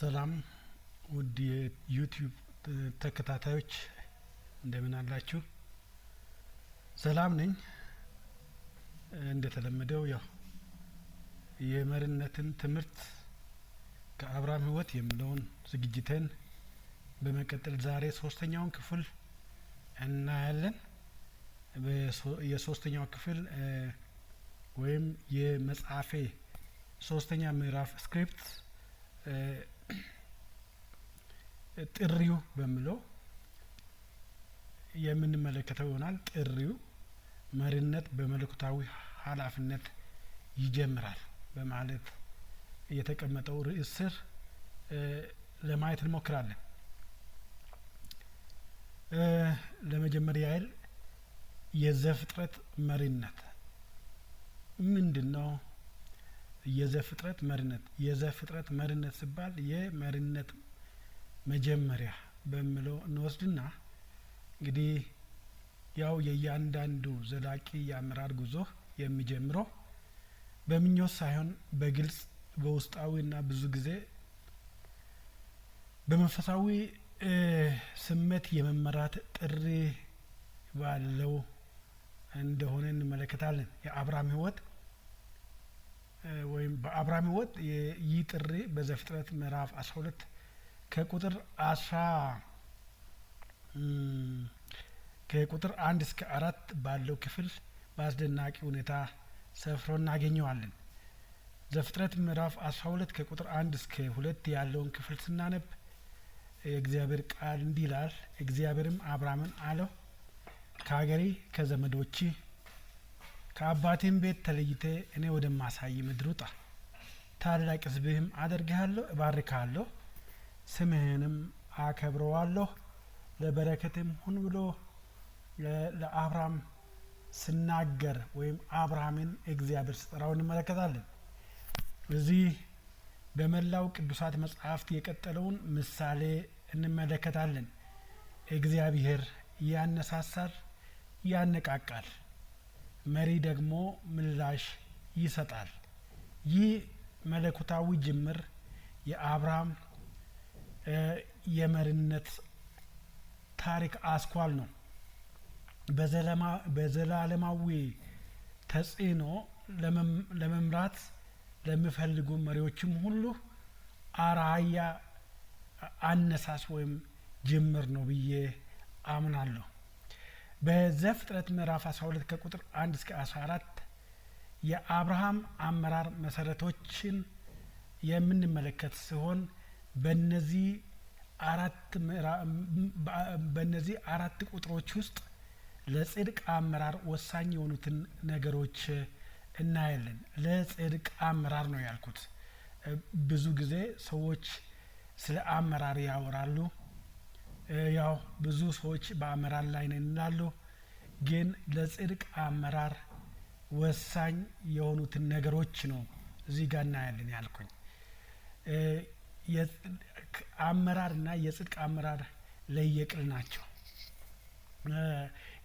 ሰላም ውድ የዩቲዩብ ተከታታዮች እንደምን አላችሁ? ሰላም ነኝ። እንደተለመደው ያው የመሪነትን ትምህርት ከአብርሃም ሕይወት የሚለውን ዝግጅትን በመቀጠል ዛሬ ሶስተኛውን ክፍል እናያለን። የሶስተኛው ክፍል ወይም የመጽሐፌ ሶስተኛ ምዕራፍ ስክሪፕት ጥሪው በሚለው የምንመለከተው ይሆናል። ጥሪው መሪነት በመለኮታዊ ኃላፊነት ይጀምራል በማለት የተቀመጠው ርዕስ ስር ለማየት እንሞክራለን። ለመጀመሪያ ያህል የዘፍጥረት መሪነት ምንድን ነው? የዘፍጥረት መሪነት የዘፍጥረት መሪነት ሲባል የመሪነት መጀመሪያ በሚለው እንወስድና እንግዲህ ያው የእያንዳንዱ ዘላቂ የአመራር ጉዞ የሚጀምረው በምኞት ሳይሆን በግልጽ በውስጣዊና ብዙ ጊዜ በመንፈሳዊ ስሜት የመመራት ጥሪ ባለው እንደሆነ እንመለከታለን። የአብርሃም ህይወት ወይም በአብራሚ ወጥ ይህ ጥሪ በዘፍጥረት ምዕራፍ አስራ ሁለት ከቁጥር አስራ ከቁጥር አንድ እስከ አራት ባለው ክፍል በአስደናቂ ሁኔታ ሰፍሮ እናገኘዋለን። ዘፍጥረት ምዕራፍ አስራ ሁለት ከቁጥር አንድ እስከ ሁለት ያለውን ክፍል ስናነብ የእግዚአብሔር ቃል እንዲህ ይላል፣ እግዚአብሔርም አብራምን አለው ከሀገሬ ከዘመዶችህ ከአባቴም ቤት ተለይተ እኔ ወደማሳይ ምድር ውጣ፣ ታላቅ ሕዝብህም አደርግሃለሁ፣ እባርክሃለሁ፣ ስምህንም አከብረዋለሁ፣ ለበረከትም ሁን ብሎ ለአብርሃም ስናገር ወይም አብርሃምን እግዚአብሔር ስጠራው እንመለከታለን። እዚህ በመላው ቅዱሳት መጽሐፍት የቀጠለውን ምሳሌ እንመለከታለን። እግዚአብሔር ያነሳሳል፣ ያነቃቃል። መሪ ደግሞ ምላሽ ይሰጣል። ይህ መለኮታዊ ጅምር የአብርሃም የመሪነት ታሪክ አስኳል ነው። በዘላለማዊ ተጽዕኖ ለመምራት ለሚፈልጉ መሪዎችም ሁሉ አርአያ፣ አነሳስ ወይም ጅምር ነው ብዬ አምናለሁ። በዘፍጥረት ምዕራፍ 12 ከቁጥር 1 እስከ 14 የአብርሃም አመራር መሰረቶችን የምንመለከት ሲሆን በነዚህ አራት በእነዚህ አራት ቁጥሮች ውስጥ ለጽድቅ አመራር ወሳኝ የሆኑትን ነገሮች እናያለን። ለጽድቅ አመራር ነው ያልኩት። ብዙ ጊዜ ሰዎች ስለ አመራር ያወራሉ ያው ብዙ ሰዎች በአመራር ላይ ነን ይላሉ። ግን ለጽድቅ አመራር ወሳኝ የሆኑትን ነገሮች ነው እዚህ ጋር እናያለን ያልኩኝ። አመራርና የጽድቅ አመራር ለየቅል ናቸው።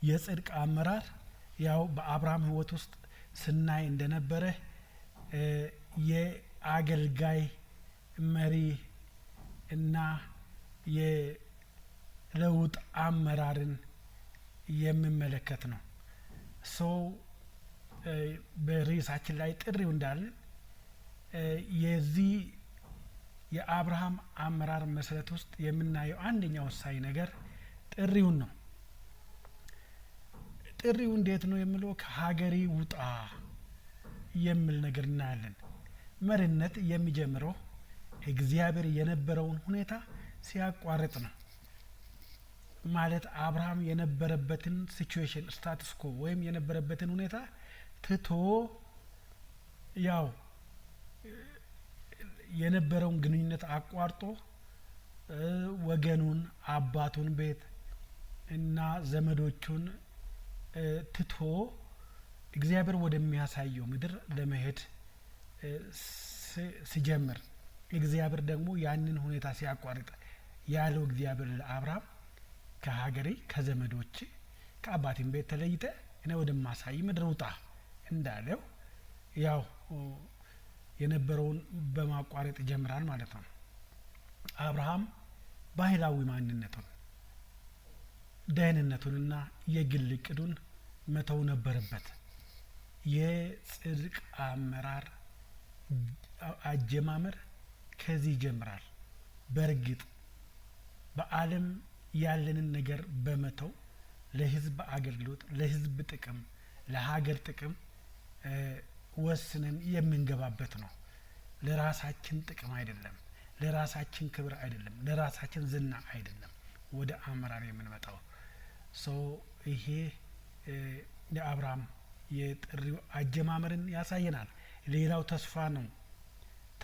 የጽድቅ አመራር ያው በአብርሃም ሕይወት ውስጥ ስናይ እንደነበረ የአገልጋይ መሪ እና ለውጥ አመራርን የምመለከት ነው። ሶ በርዕሳችን ላይ ጥሪው እንዳለን የዚህ የአብርሃም አመራር መሰረት ውስጥ የምናየው አንደኛ ወሳኝ ነገር ጥሪውን ነው። ጥሪው እንዴት ነው የምለው ከሀገሬ ውጣ የሚል ነገር እናያለን። መሪነት የሚጀምረው እግዚአብሔር የነበረውን ሁኔታ ሲያቋርጥ ነው። ማለት አብርሃም የነበረበትን ሲቹዌሽን ስታትስኮ ወይም የነበረበትን ሁኔታ ትቶ ያው የነበረውን ግንኙነት አቋርጦ ወገኑን አባቱን ቤት እና ዘመዶቹን ትቶ እግዚአብሔር ወደሚያሳየው ምድር ለመሄድ ሲጀምር እግዚአብሔር ደግሞ ያንን ሁኔታ ሲያቋርጥ ያለው እግዚአብሔር አብርሃም ከሀገሬ ከዘመዶች ከአባቴም ቤት ተለይተ እኔ ወደማሳይ ምድር ውጣ እንዳለው ያው የነበረውን በማቋረጥ ይጀምራል ማለት ነው። አብርሃም ባህላዊ ማንነቱን ደህንነቱንና የግል እቅዱን መተው ነበረበት። የጽድቅ አመራር አጀማመር ከዚህ ይጀምራል። በእርግጥ በዓለም ያለንን ነገር በመተው ለህዝብ አገልግሎት ለህዝብ ጥቅም ለሀገር ጥቅም ወስነን የምንገባበት ነው። ለራሳችን ጥቅም አይደለም፣ ለራሳችን ክብር አይደለም፣ ለራሳችን ዝና አይደለም ወደ አመራር የምንመጣው ሰው። ይሄ የአብርሃም የጥሪው አጀማመርን ያሳየናል። ሌላው ተስፋ ነው።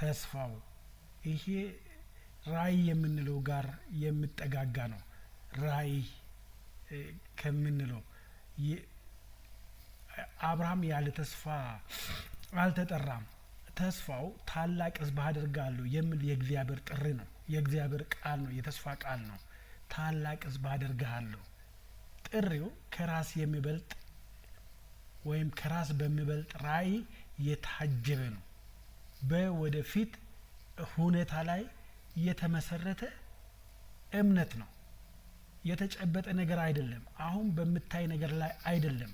ተስፋው ይሄ ራእይ የምንለው ጋር የምጠጋጋ ነው። ራይ ከምንለው አብርሃም ያለ ተስፋ አልተጠራም። ተስፋው ታላቅ ህዝብ አደርጋለሁ የሚል የእግዚአብሔር ጥሪ ነው። የእግዚአብሔር ቃል ነው። የተስፋ ቃል ነው። ታላቅ ህዝብ አደርግሃለሁ። ጥሪው ከራስ የሚበልጥ ወይም ከራስ በሚበልጥ ራይ የታጀበ ነው። በወደፊት ሁኔታ ላይ የተመሰረተ እምነት ነው። የተጨበጠ ነገር አይደለም። አሁን በምታይ ነገር ላይ አይደለም።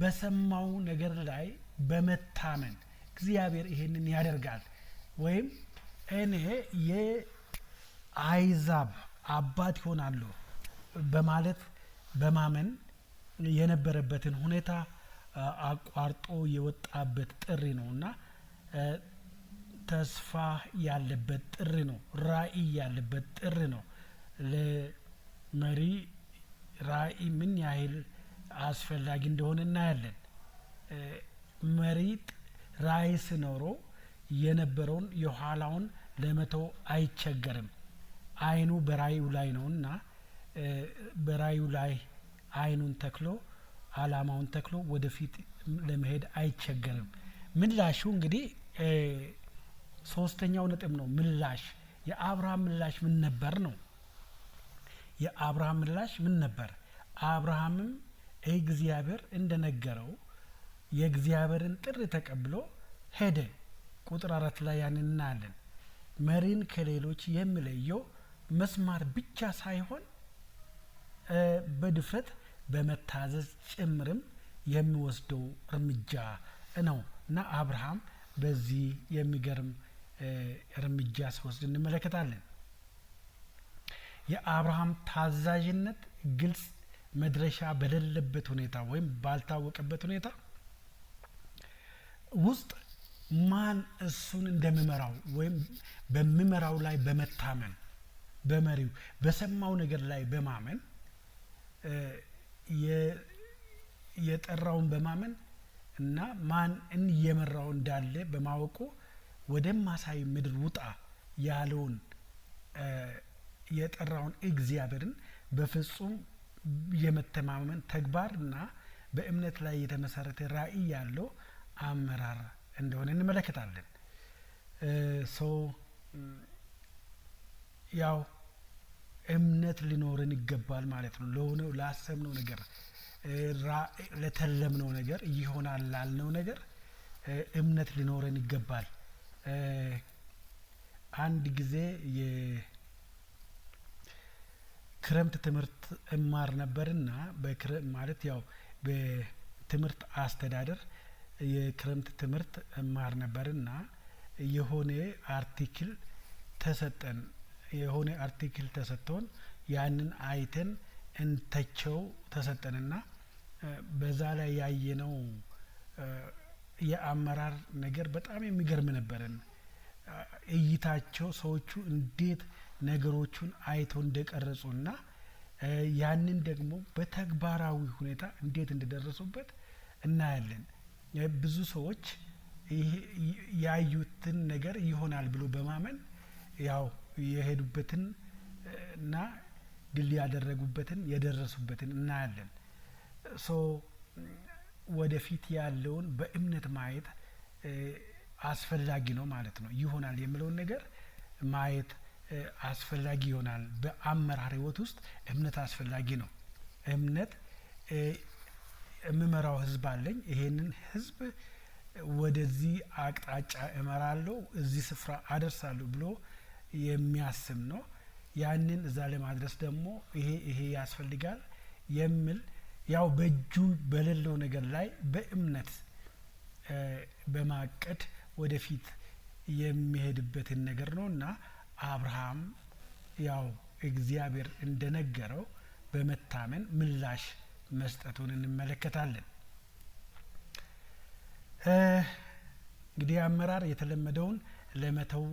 በሰማው ነገር ላይ በመታመን እግዚአብሔር ይሄንን ያደርጋል። ወይም እኔ የአይዛብ አባት ይሆናለሁ በማለት በማመን የነበረበትን ሁኔታ አቋርጦ የወጣበት ጥሪ ነው እና ተስፋ ያለበት ጥሪ ነው። ራዕይ ያለበት ጥሪ ነው። መሪ ራዕይ ምን ያህል አስፈላጊ እንደሆነ እናያለን። መሪ ራዕይ ስኖሮ የነበረውን የኋላውን ለመተው አይቸገርም። አይኑ በራዕዩ ላይ ነውና በራዕዩ ላይ አይኑን ተክሎ አላማውን ተክሎ ወደፊት ለመሄድ አይቸገርም። ምላሹ እንግዲህ ሶስተኛው ነጥብ ነው። ምላሽ የአብርሃም ምላሽ ምን ነበር ነው? የአብርሃም ምላሽ ምን ነበር? አብርሃምም እግዚአብሔር እንደነገረው የእግዚአብሔርን ጥሪ ተቀብሎ ሄደ። ቁጥር አራት ላይ ያንን እናያለን። መሪን ከሌሎች የሚለየው መስማር ብቻ ሳይሆን በድፍረት በመታዘዝ ጭምርም የሚወስደው እርምጃ ነው እና አብርሃም በዚህ የሚገርም እርምጃ ሲወስድ እንመለከታለን። የአብርሃም ታዛዥነት ግልጽ መድረሻ በሌለበት ሁኔታ ወይም ባልታወቀበት ሁኔታ ውስጥ ማን እሱን እንደምመራው ወይም በምመራው ላይ በመታመን በመሪው በሰማው ነገር ላይ በማመን የጠራውን በማመን እና ማን እየመራው እንዳለ በማወቁ ወደማሳይ ምድር ውጣ ያለውን የጠራውን እግዚአብሔርን በፍጹም የመተማመን ተግባርና በእምነት ላይ የተመሰረተ ራዕይ ያለው አመራር እንደሆነ እንመለከታለን። ሶ ያው እምነት ሊኖረን ይገባል ማለት ነው። ለሆነው ላሰብነው ነገር ለተለምነው ነገር ይሆናል ላልነው ነገር እምነት ሊኖረን ይገባል። አንድ ጊዜ ክረምት ትምህርት እማር ነበርና በክረምት ማለት ያው በትምህርት አስተዳደር የክረምት ትምህርት እማር ነበርና የሆነ አርቲክል ተሰጠን የሆነ አርቲክል ተሰጥቶን ያንን አይተን እንተቸው ተሰጠንና በዛ ላይ ያየነው የአመራር ነገር በጣም የሚገርም ነበረን። እይታቸው ሰዎቹ እንዴት ነገሮቹን አይተው እንደቀረጹና ያንን ደግሞ በተግባራዊ ሁኔታ እንዴት እንደደረሱበት እናያለን። ብዙ ሰዎች ያዩትን ነገር ይሆናል ብሎ በማመን ያው የሄዱበትን እና ድል ያደረጉበትን የደረሱበትን እናያለን። ሶ ወደፊት ያለውን በእምነት ማየት አስፈላጊ ነው ማለት ነው። ይሆናል የሚለውን ነገር ማየት አስፈላጊ ይሆናል። በአመራር ህይወት ውስጥ እምነት አስፈላጊ ነው። እምነት የምመራው ህዝብ አለኝ፣ ይሄንን ህዝብ ወደዚህ አቅጣጫ እመራለሁ፣ እዚህ ስፍራ አደርሳለሁ ብሎ የሚያስብ ነው። ያንን እዛ ለማድረስ ደግሞ ይሄ ይሄ ያስፈልጋል የሚል ያው በእጁ በሌለው ነገር ላይ በእምነት በማቀድ ወደፊት የሚሄድበትን ነገር ነው እና አብርሃም ያው እግዚአብሔር እንደነገረው በመታመን ምላሽ መስጠቱን እንመለከታለን። እንግዲህ አመራር የተለመደውን ለመተው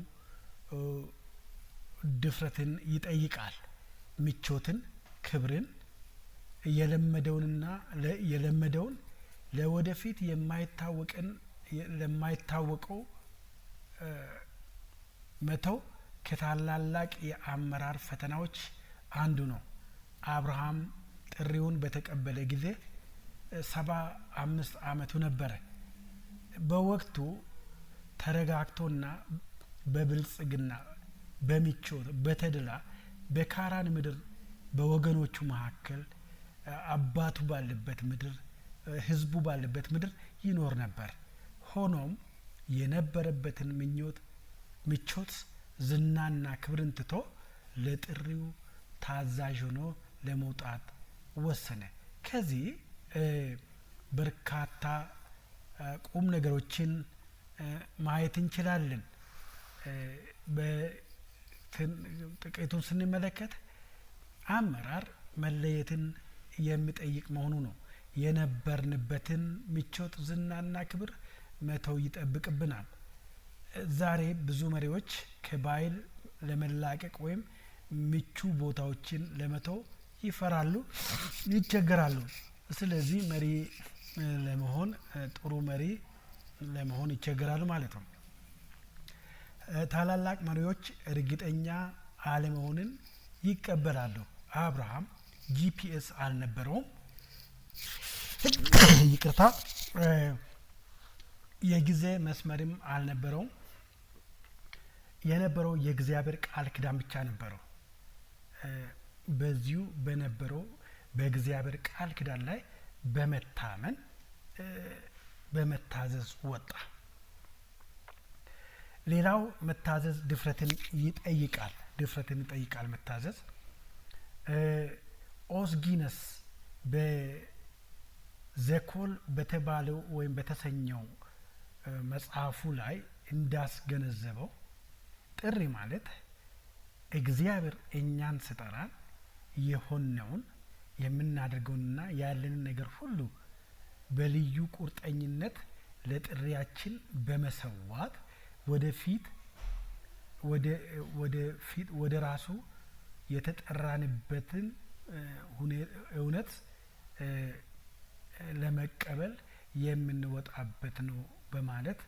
ድፍረትን ይጠይቃል። ምቾትን፣ ክብርን፣ የለመደውንና የለመደውን ለወደፊት የማይታወቅን ለማይታወቀው መተው ከታላላቅ የአመራር ፈተናዎች አንዱ ነው። አብርሃም ጥሪውን በተቀበለ ጊዜ ሰባ አምስት አመቱ ነበረ። በወቅቱ ተረጋግቶና በብልጽግና በምቾት በተድላ በካራን ምድር በወገኖቹ መካከል አባቱ ባለበት ምድር ህዝቡ ባለበት ምድር ይኖር ነበር። ሆኖም የነበረበትን ምኞት ምቾት ዝናና ክብርን ትቶ ለጥሪው ታዛዥ ሆኖ ለመውጣት ወሰነ። ከዚህ በርካታ ቁም ነገሮችን ማየት እንችላለን። ጥቂቱን ስንመለከት አመራር መለየትን የሚጠይቅ መሆኑ ነው። የነበርንበትን ምቾት፣ ዝናና ክብር መተው ይጠብቅብናል። ዛሬ ብዙ መሪዎች ከባህል ለመላቀቅ ወይም ምቹ ቦታዎችን ለመተው ይፈራሉ፣ ይቸገራሉ። ስለዚህ መሪ ለመሆን ጥሩ መሪ ለመሆን ይቸገራሉ ማለት ነው። ታላላቅ መሪዎች እርግጠኛ አለመሆንን ይቀበላሉ። አብርሃም ጂፒኤስ አልነበረውም። ይቅርታ፣ የጊዜ መስመርም አልነበረውም። የነበረው የእግዚአብሔር ቃል ኪዳን ብቻ ነበረው። በዚሁ በነበረው በእግዚአብሔር ቃል ኪዳን ላይ በመታመን በመታዘዝ ወጣ። ሌላው መታዘዝ ድፍረትን ይጠይቃል። ድፍረትን ይጠይቃል መታዘዝ። ኦስጊነስ በዘኮል በተባለው ወይም በተሰኘው መጽሐፉ ላይ እንዳስገነዘበው ጥሪ ማለት እግዚአብሔር እኛን ስጠራ የሆነውን የምናደርገውንና ያለንን ነገር ሁሉ በልዩ ቁርጠኝነት ለጥሪያችን በመሰዋት ወደፊት ወደፊት ወደ ራሱ የተጠራንበትን እውነት ለመቀበል የምንወጣበት ነው በማለት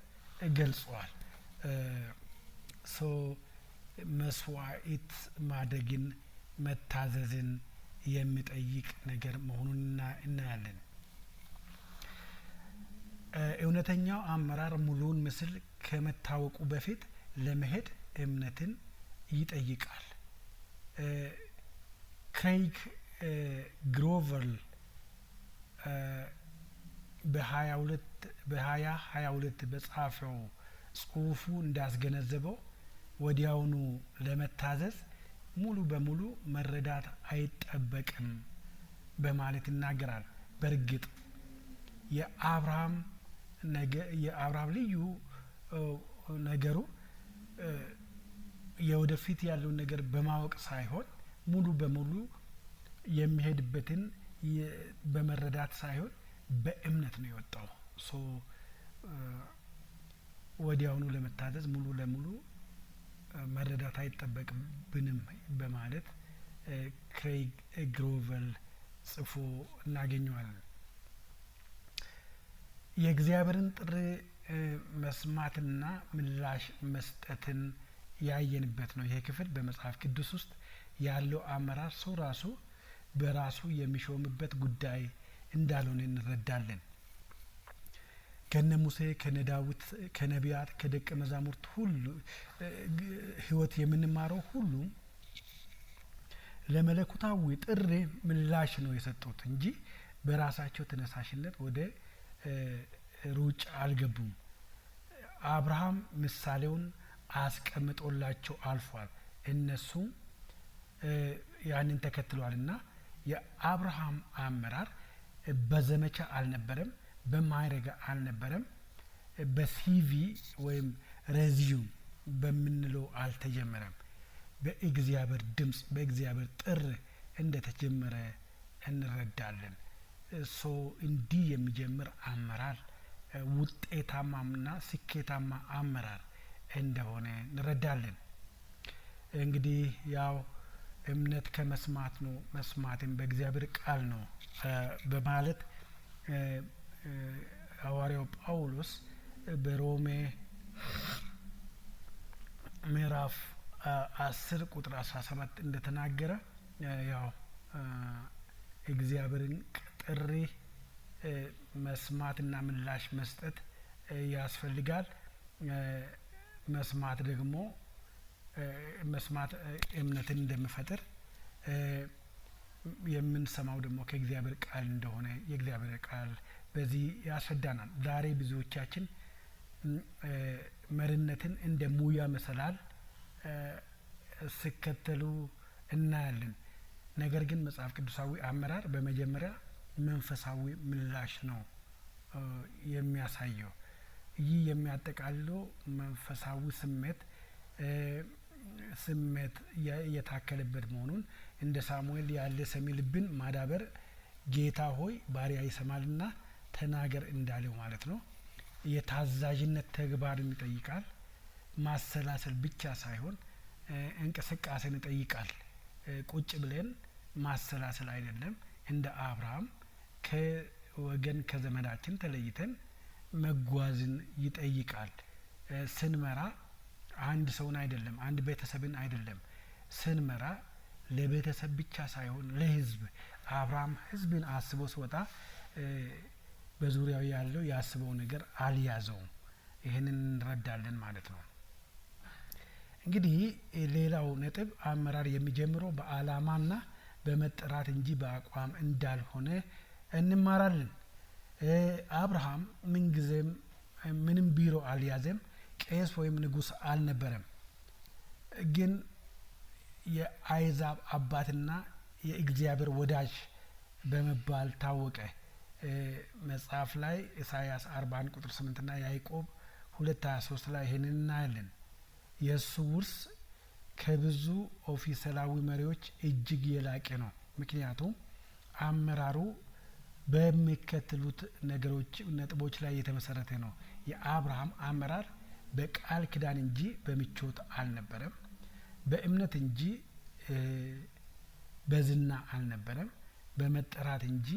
ገልጸዋል። ሶ መስዋዒት ማደግን መታዘዝን የሚጠይቅ ነገር መሆኑን እናያለን። እውነተኛው አመራር ሙሉውን ምስል ከመታወቁ በፊት ለመሄድ እምነትን ይጠይቃል። ክሬይግ ግሮቨል ሀያ ሁለት በጻፈው ጽሁፉ እንዳስገነዘበው ወዲያውኑ ለመታዘዝ ሙሉ በሙሉ መረዳት አይጠበቅም በማለት ይናገራል። በእርግጥ የአብርሃም ልዩ ነገሩ የወደፊት ያለውን ነገር በማወቅ ሳይሆን ሙሉ በሙሉ የሚሄድበትን በመረዳት ሳይሆን በእምነት ነው የወጣው። ሶ ወዲያውኑ ለመታዘዝ ሙሉ ለሙሉ መረዳት አይጠበቅብንም በማለት ክሬግ ግሮቨል ጽፎ እናገኘዋለን። የእግዚአብሔርን ጥሪ መስማትና ምላሽ መስጠትን ያየንበት ነው። ይህ ክፍል በመጽሐፍ ቅዱስ ውስጥ ያለው አመራር ሰው ራሱ በራሱ የሚሾምበት ጉዳይ እንዳልሆነ እንረዳለን። ከነ ሙሴ ከነ ዳዊት ከነቢያት ከደቀ መዛሙርት ሁሉ ህይወት የምንማረው ሁሉ ለመለኮታዊ ጥሪ ምላሽ ነው የሰጡት እንጂ በራሳቸው ተነሳሽነት ወደ ሩጫ አልገቡም። አብርሃም ምሳሌውን አስቀምጦላቸው አልፏል። እነሱ ያንን ተከትሏል እና የአብርሃም አመራር በዘመቻ አልነበረም። በማድረግ አልነበረም በሲቪ ወይም ሬዚዩም በምንለው አልተጀመረም በእግዚአብሔር ድምጽ በእግዚአብሔር ጥር እንደተጀመረ እንረዳለን ሶ እንዲህ የሚጀምር አመራር ውጤታማና ስኬታማ አመራር እንደሆነ እንረዳለን እንግዲህ ያው እምነት ከመስማት ነው መስማትም በእግዚአብሔር ቃል ነው በማለት ሐዋርያው ጳውሎስ በሮሜ ምዕራፍ አስር ቁጥር አስራ ሰባት እንደተናገረ ያው እግዚአብሔርን ጥሪ መስማትና ምላሽ መስጠት ያስፈልጋል። መስማት ደግሞ መስማት እምነትን እንደሚፈጥር የምንሰማው ደግሞ ከእግዚአብሔር ቃል እንደሆነ የእግዚአብሔር ቃል በዚህ ያስረዳናል። ዛሬ ብዙዎቻችን መሪነትን እንደ ሙያ መሰላል ሲከተሉ እናያለን። ነገር ግን መጽሐፍ ቅዱሳዊ አመራር በመጀመሪያ መንፈሳዊ ምላሽ ነው የሚያሳየው። ይህ የሚያጠቃልለው መንፈሳዊ ስሜት ስሜት የታከለበት መሆኑን እንደ ሳሙኤል ያለ ሰሚ ልብን ማዳበር ጌታ ሆይ ባሪያ ይሰማልና ተናገር እንዳለው ማለት ነው። የታዛዥነት ተግባርን ይጠይቃል። ማሰላሰል ብቻ ሳይሆን እንቅስቃሴን ይጠይቃል። ቁጭ ብለን ማሰላሰል አይደለም። እንደ አብርሃም ከወገን ከዘመዳችን ተለይተን መጓዝን ይጠይቃል። ስንመራ አንድ ሰውን አይደለም፣ አንድ ቤተሰብን አይደለም። ስንመራ ለቤተሰብ ብቻ ሳይሆን ለሕዝብ አብርሃም ሕዝብን አስቦ ሲወጣ በዙሪያው ያለው ያስበው ነገር አልያዘውም። ይህንን እንረዳለን ማለት ነው። እንግዲህ ሌላው ነጥብ አመራር የሚጀምረው በአላማና በመጠራት እንጂ በአቋም እንዳልሆነ እንማራለን። አብርሃም ምንጊዜም ምንም ቢሮ አልያዘም፣ ቄስ ወይም ንጉስ አልነበረም። ግን የአይዛብ አባትና የእግዚአብሔር ወዳጅ በመባል ታወቀ። መጽሐፍ ላይ ኢሳያስ አርባ አንድ ቁጥር ስምንት ና ያይቆብ ሁለት ሀያ ሶስት ላይ ይሄንን እናያለን። የእሱ ውርስ ከብዙ ኦፊሰላዊ መሪዎች እጅግ የላቀ ነው። ምክንያቱም አመራሩ በሚከተሉት ነገሮች ነጥቦች ላይ የተመሰረተ ነው። የአብርሃም አመራር በቃል ኪዳን እንጂ በምቾት አልነበረም። በእምነት እንጂ በዝና አልነበረም። በመጠራት እንጂ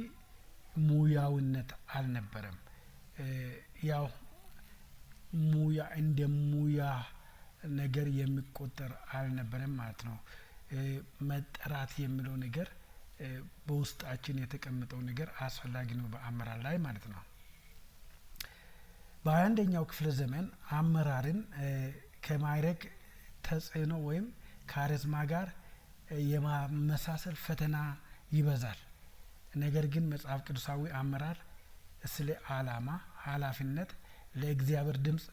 ሙያውነት አልነበረም። ያው ሙያ እንደ ሙያ ነገር የሚቆጠር አልነበረም ማለት ነው። መጠራት የሚለው ነገር በውስጣችን የተቀመጠው ነገር አስፈላጊ ነው በአመራር ላይ ማለት ነው። በሃያ አንደኛው ክፍለ ዘመን አመራርን ከማይረግ ተጽዕኖ ወይም ካሪዝማ ጋር የማመሳሰል ፈተና ይበዛል። ነገር ግን መጽሐፍ ቅዱሳዊ አመራር ስለ አላማ፣ ኃላፊነት፣ ለእግዚአብሔር ድምፅ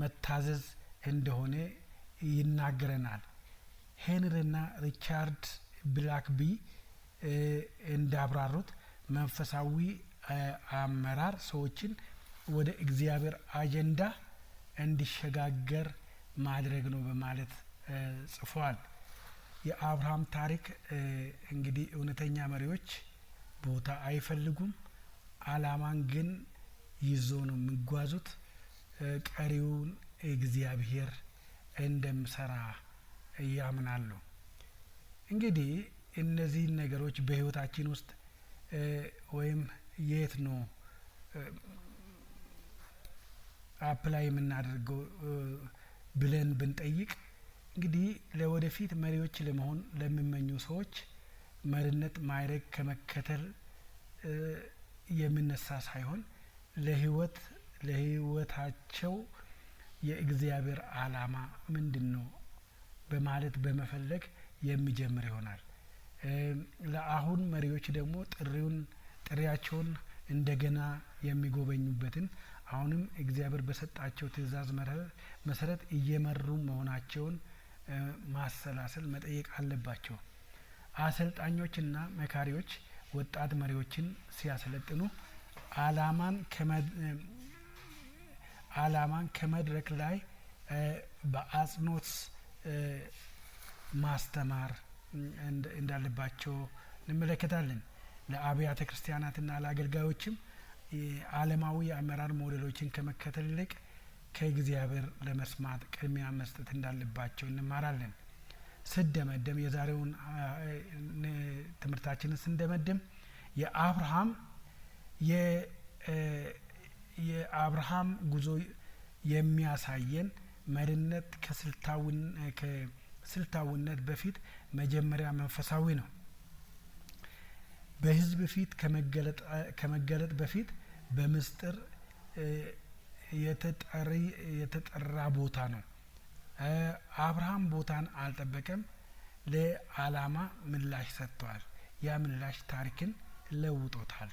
መታዘዝ እንደሆነ ይናገረናል። ሄንሪና ሪቻርድ ብላክቢ እንዳብራሩት መንፈሳዊ አመራር ሰዎችን ወደ እግዚአብሔር አጀንዳ እንዲሸጋገር ማድረግ ነው በማለት ጽፏል። የአብርሃም ታሪክ እንግዲህ እውነተኛ መሪዎች ቦታ አይፈልጉም። አላማን ግን ይዞ ነው የሚጓዙት። ቀሪውን እግዚአብሔር እንደምሰራ ያምናሉ። እንግዲህ እነዚህን ነገሮች በህይወታችን ውስጥ ወይም የት ነው አፕላይ የምናደርገው ብለን ብንጠይቅ እንግዲህ ለወደፊት መሪዎች ለመሆን ለሚመኙ ሰዎች መሪነት ማይረግ ከመከተል የሚነሳ ሳይሆን ለህይወት ለህይወታቸው የእግዚአብሔር አላማ ምንድነው በማለት በመፈለግ የሚጀምር ይሆናል። ለአሁን መሪዎች ደግሞ ጥሪውን ጥሪያቸውን እንደገና የሚጎበኙበትን አሁንም እግዚአብሔር በሰጣቸው ትእዛዝ መሰረት እየመሩ መሆናቸውን ማሰላሰል መጠየቅ አለባቸው። አሰልጣኞችና መካሪዎች ወጣት መሪዎችን ሲያሰለጥኑ አላማን ከመድረክ ላይ በአጽንኦት ማስተማር እንዳለባቸው እንመለከታለን። ለአብያተ ክርስቲያናትና ለአገልጋዮችም አለማዊ የአመራር ሞዴሎችን ከመከተል ይልቅ ከእግዚአብሔር ለመስማት ቅድሚያ መስጠት እንዳለባቸው እንማራለን። ስደመደም የዛሬውን ትምህርታችንን ስንደመድም የአብርሃም የአብርሃም ጉዞ የሚያሳየን መሪነት ከስልታዊነት በፊት መጀመሪያ መንፈሳዊ ነው። በህዝብ ፊት ከመገለጥ በፊት በምስጢር የተጠራ ቦታ ነው። አብርሃም ቦታን አልጠበቀም ለአላማ ምላሽ ሰጥተዋል ያ ምላሽ ታሪክን ለውጦታል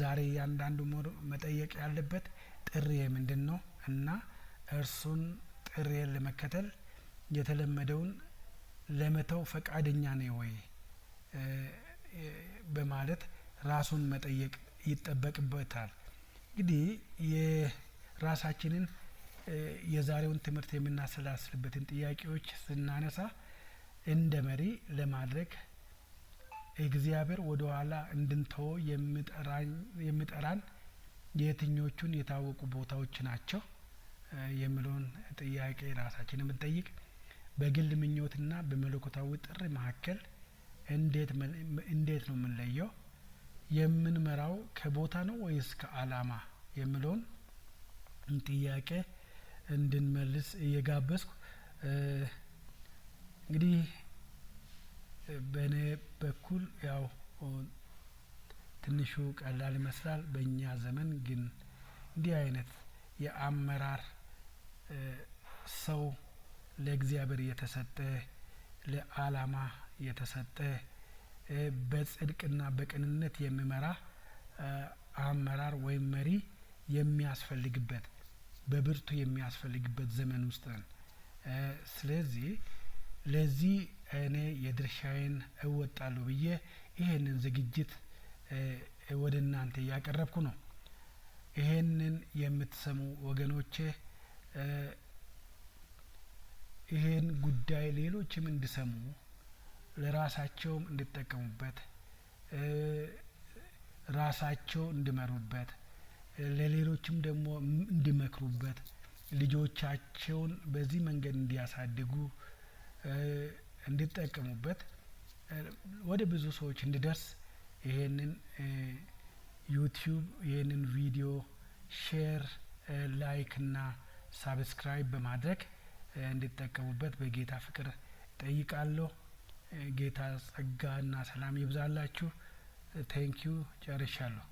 ዛሬ እያንዳንዱ መጠየቅ ያለበት ጥሪ ምንድን ነው እና እርሱን ጥሬ ለመከተል የተለመደውን ለመተው ፈቃደኛ ነው ወይ በማለት ራሱን መጠየቅ ይጠበቅበታል እንግዲህ የራሳችንን የዛሬውን ትምህርት የምናሰላስልበትን ጥያቄዎች ስናነሳ እንደ መሪ ለማድረግ እግዚአብሔር ወደ ኋላ እንድንተወ የሚጠራን የትኞቹን የታወቁ ቦታዎች ናቸው የሚለውን ጥያቄ ራሳችን የምንጠይቅ፣ በግል ምኞትና በመለኮታዊ ጥሪ መካከል እንዴት ነው የምንለየው፣ የምንመራው ከቦታ ነው ወይስ ከዓላማ የሚለውን ጥያቄ እንድንመልስ እየጋበዝኩ እንግዲህ በእኔ በኩል ያው ትንሹ ቀላል ይመስላል። በእኛ ዘመን ግን እንዲህ አይነት የአመራር ሰው ለእግዚአብሔር የተሰጠ ለአላማ የተሰጠ በጽድቅና በቅንነት የሚመራ አመራር ወይም መሪ የሚያስፈልግበት በብርቱ የሚያስፈልግበት ዘመን ውስጥ ነን። ስለዚህ ለዚህ እኔ የድርሻዬን እወጣለሁ ብዬ ይሄንን ዝግጅት ወደ እናንተ እያቀረብኩ ነው። ይሄንን የምትሰሙ ወገኖቼ ይሄን ጉዳይ ሌሎችም እንዲሰሙ ለራሳቸውም እንዲጠቀሙበት ራሳቸው እንዲመሩበት ለሌሎችም ደግሞ እንዲመክሩበት ልጆቻቸውን በዚህ መንገድ እንዲያሳድጉ እንዲጠቀሙበት ወደ ብዙ ሰዎች እንዲደርስ ይሄንን ዩቲዩብ ይህንን ቪዲዮ ሼር ላይክ ና ሳብስክራይብ በማድረግ እንድጠቀሙበት በጌታ ፍቅር ጠይቃለሁ። ጌታ ጸጋና ሰላም ይብዛላችሁ። ቴንኪዩ ጨርሻለሁ።